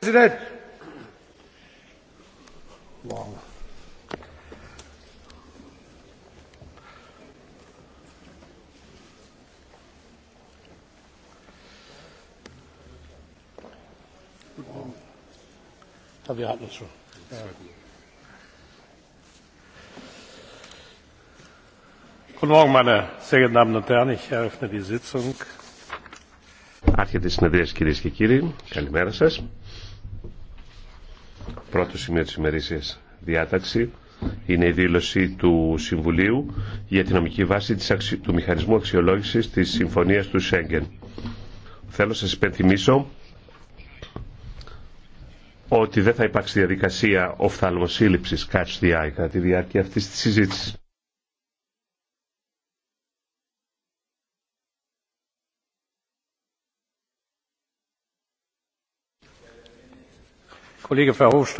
President. Long. Wir hatten schon. Guten Morgen, meine sehr geehrten Damen und Herren. Ich eröffne die Sitzung. Άρχεται η συνεδρίαση κυρίες και κύριοι. Καλημέρα Πρώτο σημείο της ημερήσιας διάταξη είναι η δήλωση του Συμβουλίου για την νομική βάση του μηχανισμού αξιολόγησης της Συμφωνίας του Σέγγεν. Θέλω να σας υπενθυμίσω ότι δεν θα υπάρξει διαδικασία οφθαλμοσύλληψης catch the eye κατά τη διάρκεια αυτής της συζήτησης. Kollege